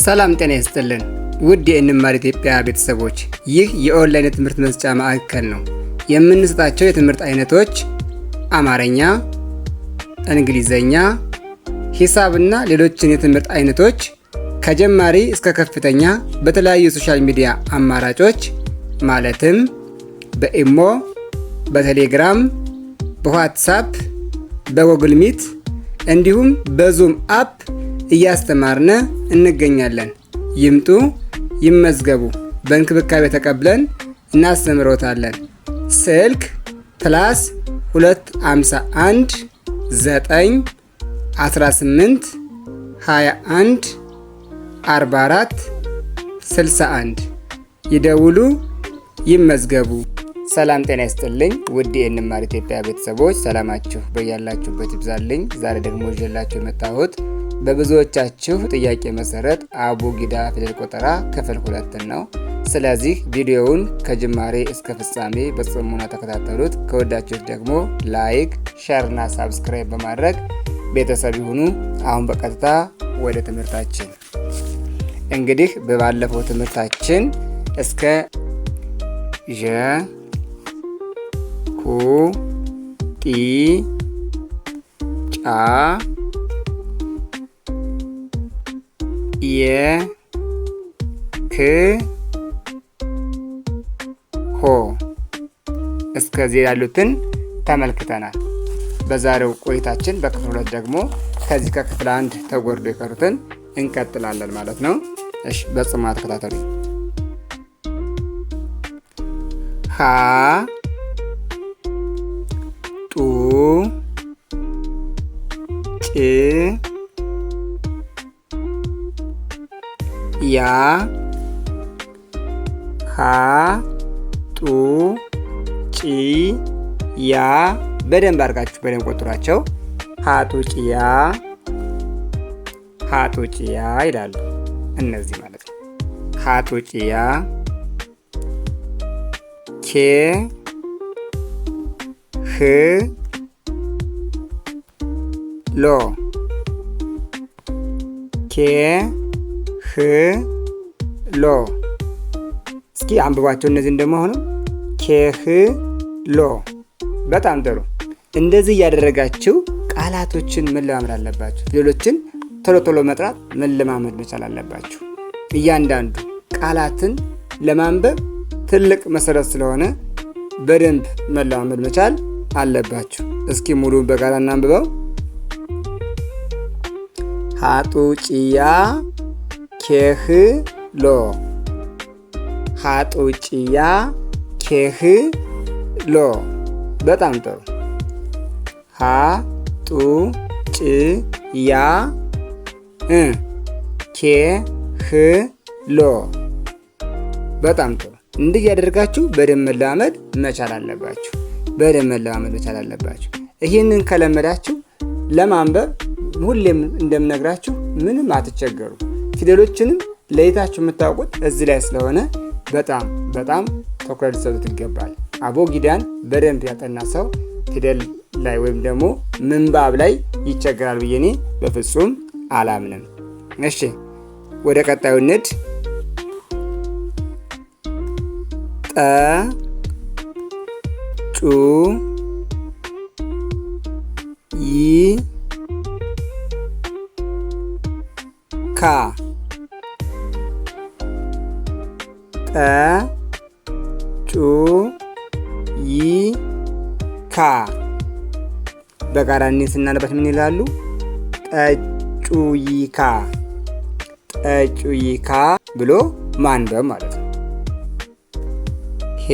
ሰላም ጤና ይስጥልን ውድ የእንማር ኢትዮጵያ ቤተሰቦች፣ ይህ የኦንላይን የትምህርት መስጫ ማዕከል ነው። የምንሰጣቸው የትምህርት አይነቶች አማርኛ፣ እንግሊዘኛ፣ ሂሳብና ሌሎችን የትምህርት አይነቶች ከጀማሪ እስከ ከፍተኛ በተለያዩ የሶሻል ሚዲያ አማራጮች ማለትም በኢሞ፣ በቴሌግራም፣ በዋትሳፕ፣ በጎግል ሚት እንዲሁም በዙም አፕ እያስተማርነ እንገኛለን። ይምጡ፣ ይመዝገቡ። በእንክብካቤ ተቀብለን እናስተምሮታለን። ስልክ ፕላስ 251 9 18 21 44 61 ይደውሉ፣ ይመዝገቡ። ሰላም ጤና ይስጥልኝ ውድ የእንማር ኢትዮጵያ ቤተሰቦች፣ ሰላማችሁ በያላችሁበት ይብዛልኝ። ዛሬ ደግሞ ይዤላችሁ የመጣሁት በብዙዎቻችሁ ጥያቄ መሰረት አቡጊዳ ፊደል ቆጠራ ክፍል ሁለትን ነው። ስለዚህ ቪዲዮውን ከጅማሬ እስከ ፍጻሜ በጽሙና ተከታተሉት። ከወዳችሁት ደግሞ ላይክ፣ ሸርና ሳብስክራይብ በማድረግ ቤተሰብ ይሁኑ። አሁን በቀጥታ ወደ ትምህርታችን እንግዲህ በባለፈው ትምህርታችን እስከ ዠ ኩ ጢ ጫ የክሆ እስከዚህ ያሉትን ተመልክተናል። በዛሬው ቆይታችን በክፍል ሁለት ደግሞ ከዚህ ከክፍል አንድ ተጎርዶ የቀሩትን እንቀጥላለን ማለት ነው። እሺ በጽሞና ተከታተሉ። ሀ ጡ ጭ ያ ካ ጡ ጪ ያ በደንብ አድርጋችሁ በደንብ ቆጥሯቸው። ሃጡ ጭያ ሃጡ ጭያ ይላሉ እነዚህ ማለት ነው። ሀጡ ጭያ ኬ ህ ሎ ኬ ሎ እስኪ አንብባቸው እነዚህን ደግሞ አሁንም ሎ። በጣም ጥሩ። እንደዚህ እያደረጋችሁ ቃላቶችን መለማመድ አለባችሁ። ፊደሎችን ቶሎ ቶሎ መጥራት መለማመድ መቻል አለባችሁ። እያንዳንዱ ቃላትን ለማንበብ ትልቅ መሰረት ስለሆነ በደንብ መለማመድ መቻል አለባችሁ። እስኪ ሙሉን በጋራ እናንብበው። ሀጡጭያ ኬህሎ ሀጡጭያ ኬህሎ በጣም ጥሩ። ሀጡጭያ እ ኬህሎ በጣም ጥሩ። እንዲህ እያደረጋችሁ በደንብ መለማመድ መቻል አለባችሁ። በደንብ መለማመድ መቻል አለባችሁ። ይህንን ከለመዳችሁ ለማንበብ ሁሌም እንደምነግራችሁ ምንም አትቸገሩ። ፊደሎችንም ለይታችሁ የምታውቁት እዚህ ላይ ስለሆነ በጣም በጣም ትኩረት ሊሰጡት ይገባል። አቦ ጊዳን በደንብ ያጠና ሰው ፊደል ላይ ወይም ደግሞ ምንባብ ላይ ይቸገራል ብዬ እኔ በፍጹም አላምንም። እሺ ወደ ቀጣዩ ንድ ጠ ጩ ይ ካ ጠ ጩ ይ ካ በጋራ እኔ ስናነባት ምን ይላሉ? ጠጩ ጠጩይካ ጠጩይካ ብሎ ማንበብ ማለት ነው። ሄ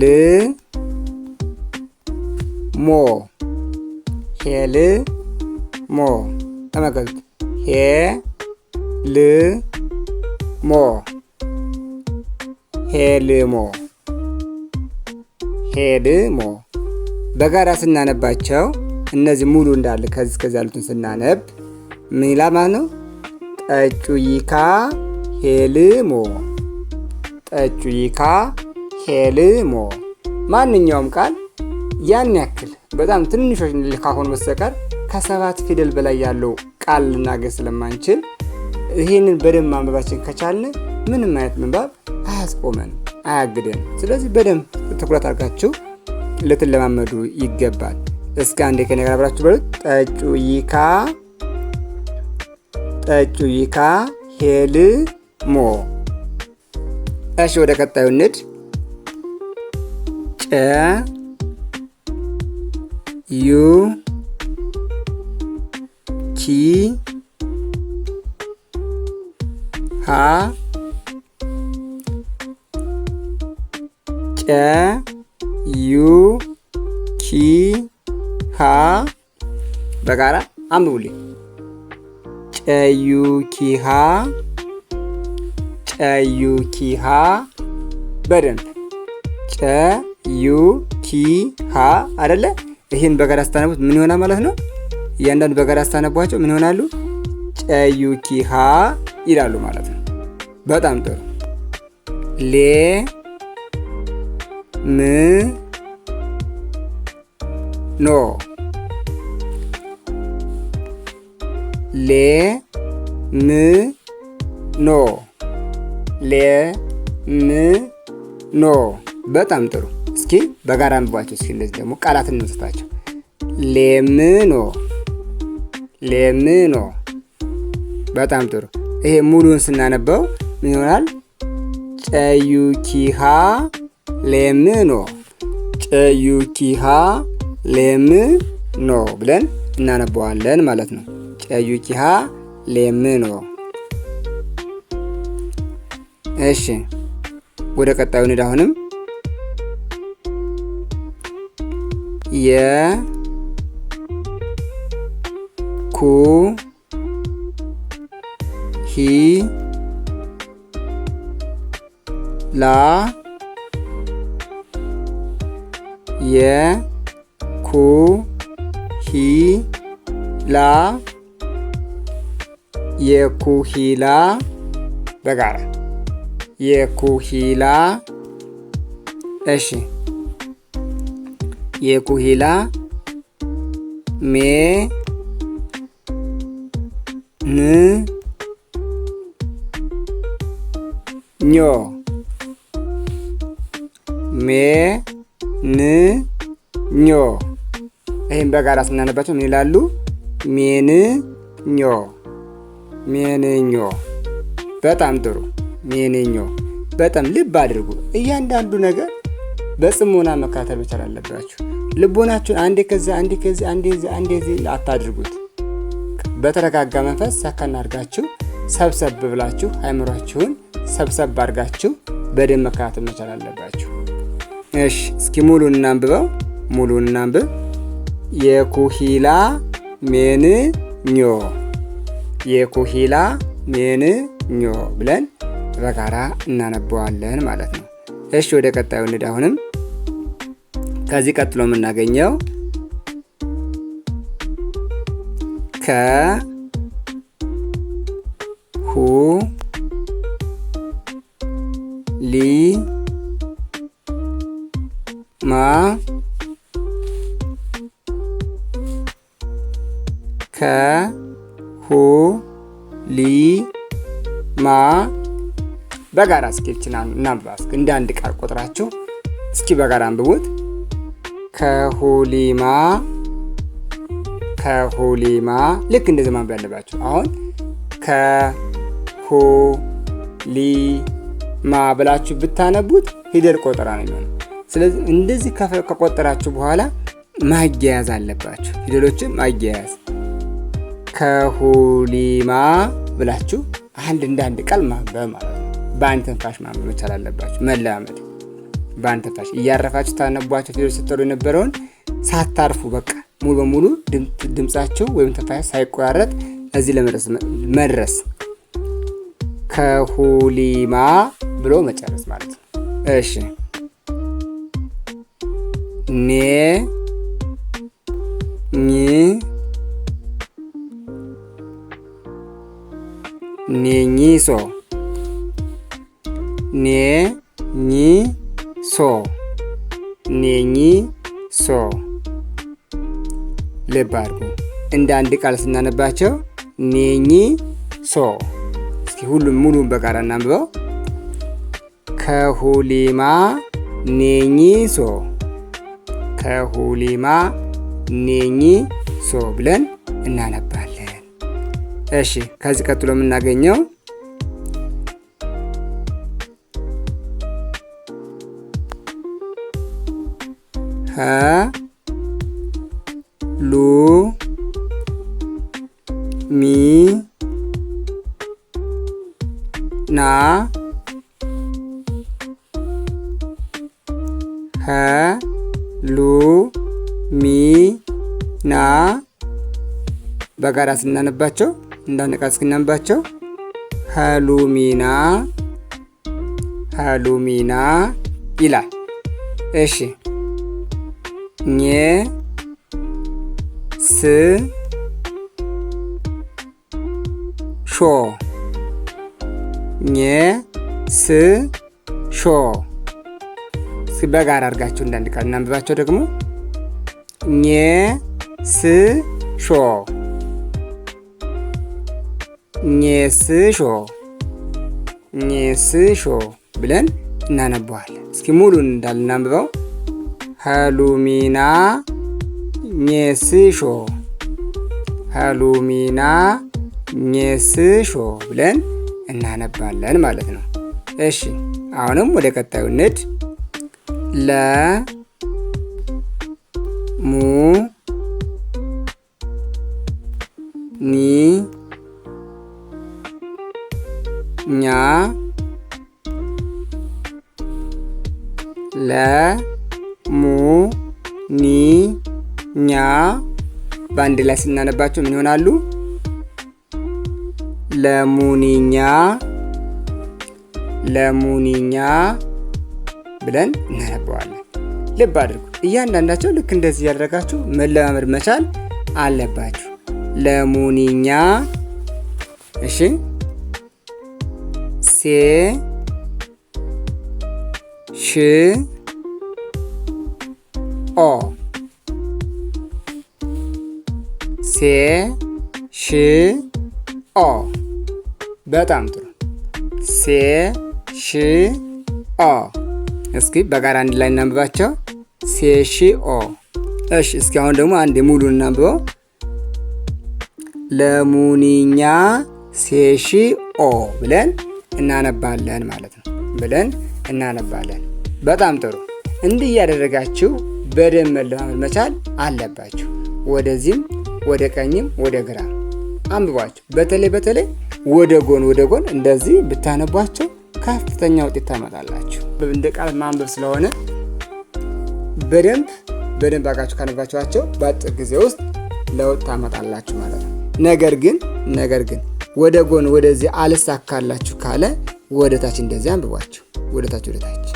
ል ሞ ሄል ሞ ተመከቱት ሄ ል ሞ ሄልሞ ሄልሞ በጋራ ስናነባቸው እነዚህ ሙሉ እንዳለ ከዚህ ከዚህ ያሉትን ስናነብ ምን ይላል ማለት ነው? ጠጩይካ ሄልሞ ጠጩይካ ሄልሞ። ማንኛውም ቃል ያን ያክል በጣም ትንሾች ካሆን በስተቀር ከሰባት ፊደል በላይ ያለው ቃል ልናገኝ ስለማንችል ይህንን በደንብ ማንበባችን ከቻልን ምንም አይነት ምንባብ አያስቆመን አያግደን። ስለዚህ በደንብ ትኩረት አድርጋችሁ ልትለማመዱ ይገባል። እስከ አንዴ ከኔ ጋር አብራችሁ በሉት። ጠጩ ይካ ጠጩ ይካ ሄልሞ። እሺ ወደ ቀጣዩ ንድ ጨ ዩ ቺ ሀ ጨ ዩ ኪ ሃ በጋራ አንብቡልኝ። ጨዩ ኪሃ ጨዩ ኪሃ በደንብ ጨዩ ኪሃ አይደለ? ይህን በጋራ ስታነቡት ምን ይሆናል ማለት ነው? እያንዳንዱ በጋራ ስታነቧቸው ምን ይሆናሉ? ዩኪሃ ይላሉ ማለት ነው። በጣም ጥሩ ሌ ም ኖ ሌ ም ኖ ሌ ም ኖ በጣም ጥሩ። እስኪ በጋራ አንብቧቸው። እስኪ እንደዚህ ደግሞ ቃላት እንስጣቸው። ሌምኖ ሌምኖ በጣም ጥሩ። ይሄ ሙሉን ስናነበው ምን ይሆናል? ጨዩኪሃ ኖ ጨዩኪሃ ሌምኖ ብለን እናነበዋለን ማለት ነው። ጨዩኪሃ ኖ። እሺ ወደ ቀጣዩ ንድ አሁንም የኩ ሂ ላ የ ኩ ሂ ላ የኩሂላ በጋራ የኩሂላ እሺ የኩሂላ ሜ ን ኞ ሜ ን ኞ ይህም በጋራ ስናነባቸው ምን ይላሉ? ሜን ኞ ሜንኞ። በጣም ጥሩ ሜንኞ። በጣም ልብ አድርጉ። እያንዳንዱ ነገር በጽሞና መካተል መቻል አለባችሁ። ልቦናችሁን አንዴ ከዛ አንዴ ከዚህ አንዴ አንዴ አታድርጉት። በተረጋጋ መንፈስ ሰከን አድርጋችሁ ሰብሰብ ብላችሁ አይምሯችሁን ሰብሰብ አድርጋችሁ በደንብ መከታተል መቻል አለባችሁ። እሺ እስኪ ሙሉ እናንብበው። ሙሉ እናንብብ። የኩሂላ ሜን ኞ የኩሂላ ሜን ኞ ብለን በጋራ እናነበዋለን ማለት ነው። እሺ ወደ ቀጣዩ እንሂድ። አሁንም ከዚህ ቀጥሎ የምናገኘው ከ ሁ ሊ ማ ከ ሁ ሊ ማ በጋራ እስኪ ችናሉ እናንብባ። እንደ አንድ ቃል ቆጥራችሁ እስኪ በጋራ አንብቡት። ከሁሊማ ከሁሊማ ልክ እንደዚህ ማንበብ ያለባችሁ አሁን ከ ሆ ሊ ማ ብላችሁ ብታነቡት ፊደል ቆጠራ ነው የሚሆነው። ስለዚህ እንደዚህ ከቆጠራችሁ በኋላ ማያያዝ አለባችሁ። ፊደሎችን ማያያዝ ከሁሊማ ብላችሁ አንድ እንደ አንድ ቃል ማንበብ ማለት ነው። በአንድ ትንፋሽ ማንበብ መቻል አለባችሁ። መለማመድ በአንድ ትንፋሽ እያረፋችሁ ታነቧቸው ፊደሎች ስትጠሩ የነበረውን ሳታርፉ በቃ ሙሉ በሙሉ ድምፃችሁ ወይም ትንፋሽ ሳይቆራረጥ እዚህ ለመድረስ መድረስ ከሁሊማ ብሎ መጨረስ ማለት ነው። እሺ ኔ ኝ ሶ ኔ ኝ ሶ ኔኝ ሶ ልብ አድርጉ። እንደ አንድ ቃል ስናነባቸው ኔኝ ሶ ሁሉም ሙሉን በጋራ እናንብበው። ከሁሊማ ኔኝሶ ከሁሊማ ኔኝሶ ብለን እናነባለን። እሺ ከዚህ ቀጥሎ የምናገኘው ሃ በጋራ ስናነባቸው እንዳንድ ቃል እስክናንባቸው ሀሉሚና ሀሉሚና ይላል። እሺ ኜ ስ ሾ ስ ሾ በጋራ አድርጋችሁ እንዳንድ ቃል እናንብባቸው ደግሞ ኜ ስ ሾ ኔስሾ ኔስሾ ብለን እናነበዋለን። እስኪ ሙሉን እንዳልናንብበው ሀሉሚና ኔስሾ ሀሉሚና ኔስሾ ብለን እናነባለን ማለት ነው። እሺ አሁንም ወደ ቀጣዩ ንድ ለ ሙ ኒ ኛ ለ ሙ ኒ ኛ በአንድ ላይ ስናነባቸው ምን ይሆናሉ? ለሙኒኛ ለሙኒኛ ብለን እናነበዋለን። ልብ አድርጉ። እያንዳንዳቸው ልክ እንደዚህ ያደረጋችሁ መለማመድ መቻል አለባችሁ። ለሙኒኛ እሺ ሴ ሽ ኦ ሴ ሽ ኦ በጣም ጥሩ። ሴ ሽ ኦ እስኪ በጋራ አንድ ላይ እናንብባቸው። ሴ ሺ ኦ እሺ። እስኪ አሁን ደግሞ አንድ ሙሉ እናንብበው። ለሙኒኛ ሴሺኦ ብለን እናነባለን ማለት ነው ብለን እናነባለን። በጣም ጥሩ። እንዲህ እያደረጋችሁ በደንብ መለማመድ መቻል አለባችሁ። ወደዚህም ወደ ቀኝም ወደ ግራ አንብቧቸው። በተለይ በተለይ ወደ ጎን ወደ ጎን እንደዚህ ብታነቧቸው ከፍተኛ ውጤት ታመጣላችሁ። እንደ ቃል ማንበብ ስለሆነ በደንብ በደንብ አጋችሁ ካነባችኋቸው በአጭር ጊዜ ውስጥ ለውጥ ታመጣላችሁ ማለት ነው። ነገር ግን ነገር ግን ወደ ጎን ወደዚህ አልሳካላችሁ ካለ ወደ ታች እንደዚህ አንብቧቸው ወደ ታች ወደ ታች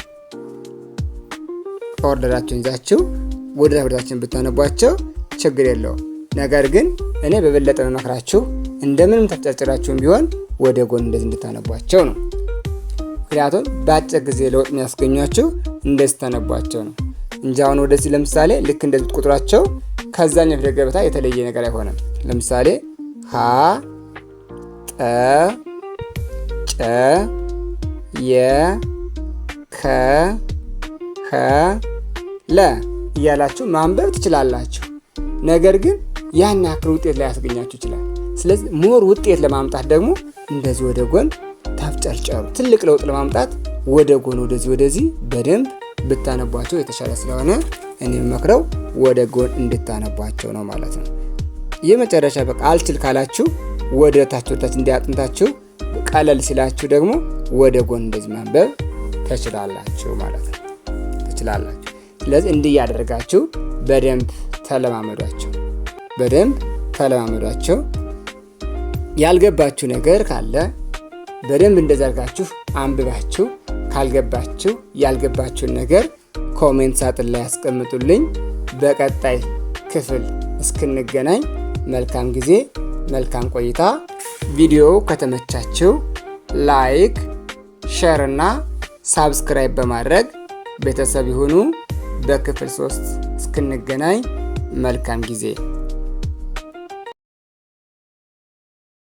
ኦርደራችሁን ይዛችሁ ወደ ታች ታችን ብታነቧቸው ችግር የለውም። ነገር ግን እኔ በበለጠ መመክራችሁ እንደምንም ተፍጨርጭራችሁም ቢሆን ወደ ጎን እንደዚህ እንድታነቧቸው ነው። ምክንያቱም በአጭር ጊዜ ለውጥ የሚያስገኟችሁ እንደዚህ ታነቧቸው ነው እንጂ አሁን ወደዚህ ለምሳሌ ልክ እንደዚህ ቁጥራቸው ከዛኛው ፊደል ገበታ የተለየ ነገር አይሆንም። ለምሳሌ ሀ ጨ ጨ የ ከ ከ ለ እያላችሁ ማንበብ ትችላላችሁ። ነገር ግን ያን ያክል ውጤት ላይ ያስገኛችሁ ይችላል። ስለዚህ ሞር ውጤት ለማምጣት ደግሞ እንደዚህ ወደ ጎን ተፍጨርጨሩ። ትልቅ ለውጥ ለማምጣት ወደ ጎን ወደዚህ ወደዚህ በደንብ ብታነቧቸው የተሻለ ስለሆነ እኔ መክረው ወደ ጎን እንድታነቧቸው ነው ማለት ነው። የመጨረሻ በቃ አልችል ካላችሁ ወደ ታች ወደ ታች እንዲያጥንታችሁ ቀለል ሲላችሁ ደግሞ ወደ ጎን እንደዚህ ማንበብ ትችላላችሁ ማለት ነው። ትችላላችሁ። ስለዚህ እንዲህ እያደረጋችሁ በደንብ ተለማመዷቸው፣ በደንብ ተለማመዷቸው። ያልገባችሁ ነገር ካለ በደንብ እንደዘርጋችሁ አንብባችሁ ካልገባችሁ ያልገባችሁን ነገር ኮሜንት ሳጥን ላይ ያስቀምጡልኝ። በቀጣይ ክፍል እስክንገናኝ መልካም ጊዜ መልካም ቆይታ። ቪዲዮ ከተመቻችው ላይክ፣ ሼር እና ሳብስክራይብ በማድረግ ቤተሰብ ይሁኑ። በክፍል ሶስት እስክንገናኝ መልካም ጊዜ